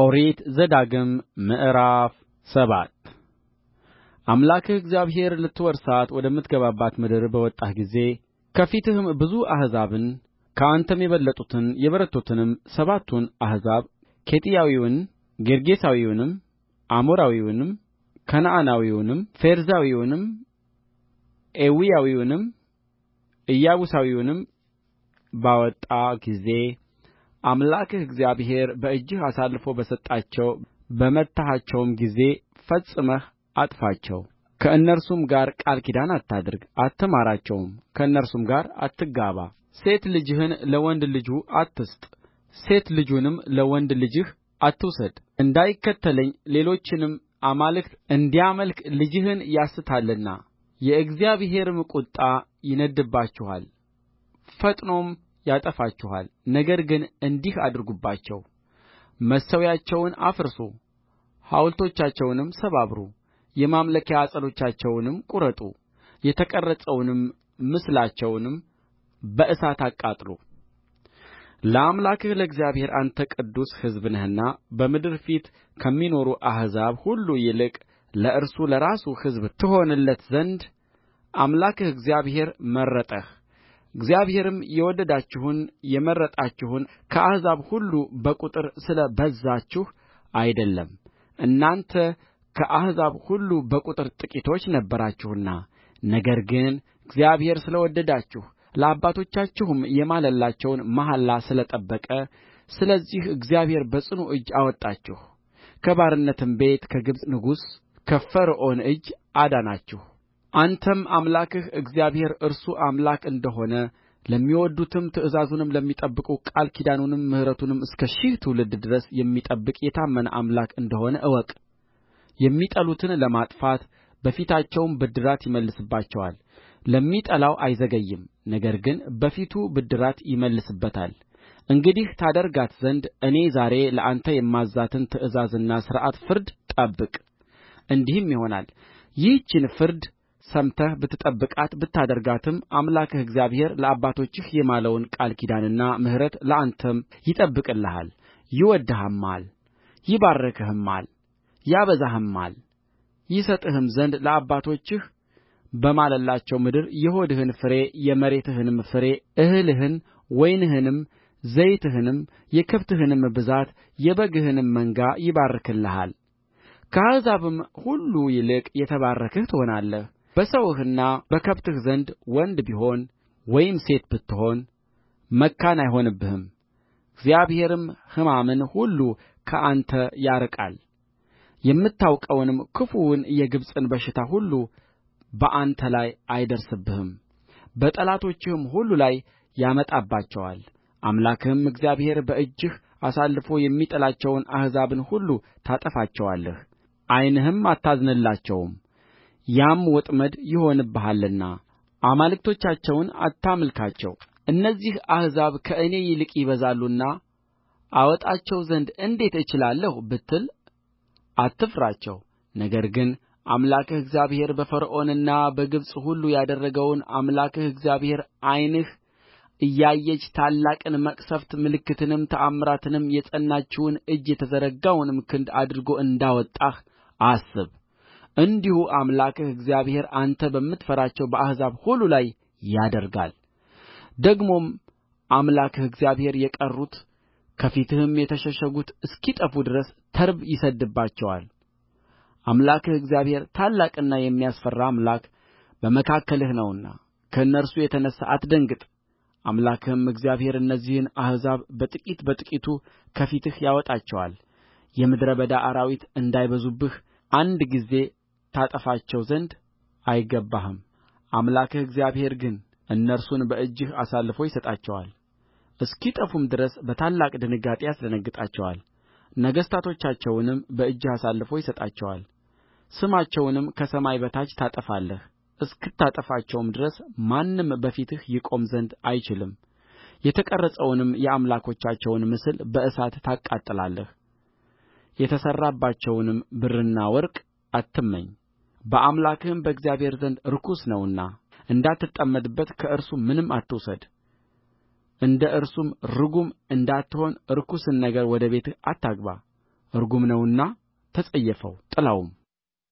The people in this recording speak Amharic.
ኦሪት ዘዳግም ምዕራፍ ሰባት አምላክህ እግዚአብሔር ልትወርሳት ወደምትገባባት ምድር በወጣህ ጊዜ ከፊትህም ብዙ አሕዛብን ከአንተም የበለጡትን የበረቱትንም ሰባቱን አሕዛብ ኬጢያዊውን፣ ጌርጌሳዊውንም፣ አሞራዊውንም፣ ከነዓናዊውንም፣ ፌርዛዊውንም፣ ኤዊያዊውንም፣ ኢያቡሳዊውንም ባወጣ ጊዜ አምላክህ እግዚአብሔር በእጅህ አሳልፎ በሰጣቸው በመታሃቸውም ጊዜ ፈጽመህ አጥፋቸው ከእነርሱም ጋር ቃል ኪዳን አታድርግ አትማራቸውም ከእነርሱም ጋር አትጋባ ሴት ልጅህን ለወንድ ልጁ አትስጥ ሴት ልጁንም ለወንድ ልጅህ አትውሰድ እንዳይከተለኝ ሌሎችንም አማልክት እንዲያመልክ ልጅህን ያስታልና የእግዚአብሔርም ቍጣ ይነድድባችኋል ፈጥኖም ያጠፋችኋል ነገር ግን እንዲህ አድርጉባቸው መሠዊያቸውን አፍርሱ ሐውልቶቻቸውንም ሰባብሩ የማምለኪያ ዐፀዶቻቸውንም ቍረጡ የተቀረጸውንም ምስላቸውንም በእሳት አቃጥሉ ለአምላክህ ለእግዚአብሔር አንተ ቅዱስ ሕዝብ ነህና በምድር ፊት ከሚኖሩ አሕዛብ ሁሉ ይልቅ ለእርሱ ለራሱ ሕዝብ ትሆንለት ዘንድ አምላክህ እግዚአብሔር መረጠህ እግዚአብሔርም የወደዳችሁን የመረጣችሁን ከአሕዛብ ሁሉ በቍጥር ስለ በዛችሁ አይደለም እናንተ ከአሕዛብ ሁሉ በቍጥር ጥቂቶች ነበራችሁና ነገር ግን እግዚአብሔር ስለ ወደዳችሁ ለአባቶቻችሁም የማለላቸውን መሐላ ስለ ጠበቀ ስለዚህ እግዚአብሔር በጽኑ እጅ አወጣችሁ ከባርነትም ቤት ከግብፅ ንጉሥ ከፈርዖን እጅ አዳናችሁ አንተም አምላክህ እግዚአብሔር እርሱ አምላክ እንደ ሆነ ለሚወድዱትም ትእዛዙንም ለሚጠብቁ ቃል ኪዳኑንም ምሕረቱንም እስከ ሺህ ትውልድ ድረስ የሚጠብቅ የታመነ አምላክ እንደ ሆነ እወቅ የሚጠሉትን ለማጥፋት በፊታቸውም ብድራት ይመልስባቸዋል ለሚጠላው አይዘገይም ነገር ግን በፊቱ ብድራት ይመልስበታል እንግዲህ ታደርጋት ዘንድ እኔ ዛሬ ለአንተ የማዝዛትን ትእዛዝና ሥርዓት ፍርድ ጠብቅ እንዲህም ይሆናል ይህችን ፍርድ ሰምተህ ብትጠብቃት ብታደርጋትም አምላክህ እግዚአብሔር ለአባቶችህ የማለውን ቃል ኪዳንና ምሕረት ለአንተም ይጠብቅልሃል ይወድድህማል ይባርክህማል ያበዛህማል ይሰጥህም ዘንድ ለአባቶችህ በማለላቸው ምድር የሆድህን ፍሬ የመሬትህንም ፍሬ እህልህን ወይንህንም ዘይትህንም የከብትህንም ብዛት የበግህንም መንጋ ይባርክልሃል ከአሕዛብም ሁሉ ይልቅ የተባረክህ ትሆናለህ በሰውህና በከብትህ ዘንድ ወንድ ቢሆን ወይም ሴት ብትሆን መካን አይሆንብህም እግዚአብሔርም ሕማምን ሁሉ ከአንተ ያርቃል የምታውቀውንም ክፉውን የግብፅን በሽታ ሁሉ በአንተ ላይ አይደርስብህም በጠላቶችህም ሁሉ ላይ ያመጣባቸዋል አምላክህም እግዚአብሔር በእጅህ አሳልፎ የሚጥላቸውን አሕዛብን ሁሉ ታጠፋቸዋለህ ዓይንህም አታዝንላቸውም ያም ወጥመድ ይሆንብሃልና አማልክቶቻቸውን አታምልካቸው እነዚህ አሕዛብ ከእኔ ይልቅ ይበዛሉና አወጣቸው ዘንድ እንዴት እችላለሁ ብትል አትፍራቸው ነገር ግን አምላክህ እግዚአብሔር በፈርዖንና በግብፅ ሁሉ ያደረገውን አምላክህ እግዚአብሔር ዓይንህ እያየች ታላቅን መቅሠፍት ምልክትንም ተአምራትንም የጸናችውን እጅ የተዘረጋውንም ክንድ አድርጎ እንዳወጣህ አስብ እንዲሁ አምላክህ እግዚአብሔር አንተ በምትፈራቸው በአሕዛብ ሁሉ ላይ ያደርጋል። ደግሞም አምላክህ እግዚአብሔር የቀሩት ከፊትህም የተሸሸጉት እስኪጠፉ ድረስ ተርብ ይሰድድባቸዋል አምላክህ እግዚአብሔር ታላቅና የሚያስፈራ አምላክ በመካከልህ ነውና ከእነርሱ የተነሣ አትደንግጥ አምላክህም እግዚአብሔር እነዚህን አሕዛብ በጥቂት በጥቂቱ ከፊትህ ያወጣቸዋል የምድረ በዳ አራዊት እንዳይበዙብህ አንድ ጊዜ ታጠፋቸው ዘንድ አይገባህም አምላክህ እግዚአብሔር ግን እነርሱን በእጅህ አሳልፎ ይሰጣቸዋል እስኪጠፉም ድረስ በታላቅ ድንጋጤ ያስደነግጣቸዋል ነገሥታቶቻቸውንም በእጅህ አሳልፎ ይሰጣቸዋል ስማቸውንም ከሰማይ በታች ታጠፋለህ እስክታጠፋቸውም ድረስ ማንም በፊትህ ይቆም ዘንድ አይችልም የተቀረጸውንም የአምላኮቻቸውን ምስል በእሳት ታቃጥላለህ የተሠራባቸውንም ብርና ወርቅ አትመኝ በአምላክህም በእግዚአብሔር ዘንድ ርኩስ ነውና እንዳትጠመድበት ከእርሱ ምንም እንደ እርሱም ርጉም እንዳትሆን ርኩስን ነገር ወደ ቤትህ አታግባ ርጉም ነውና ተጸየፈው ጥላውም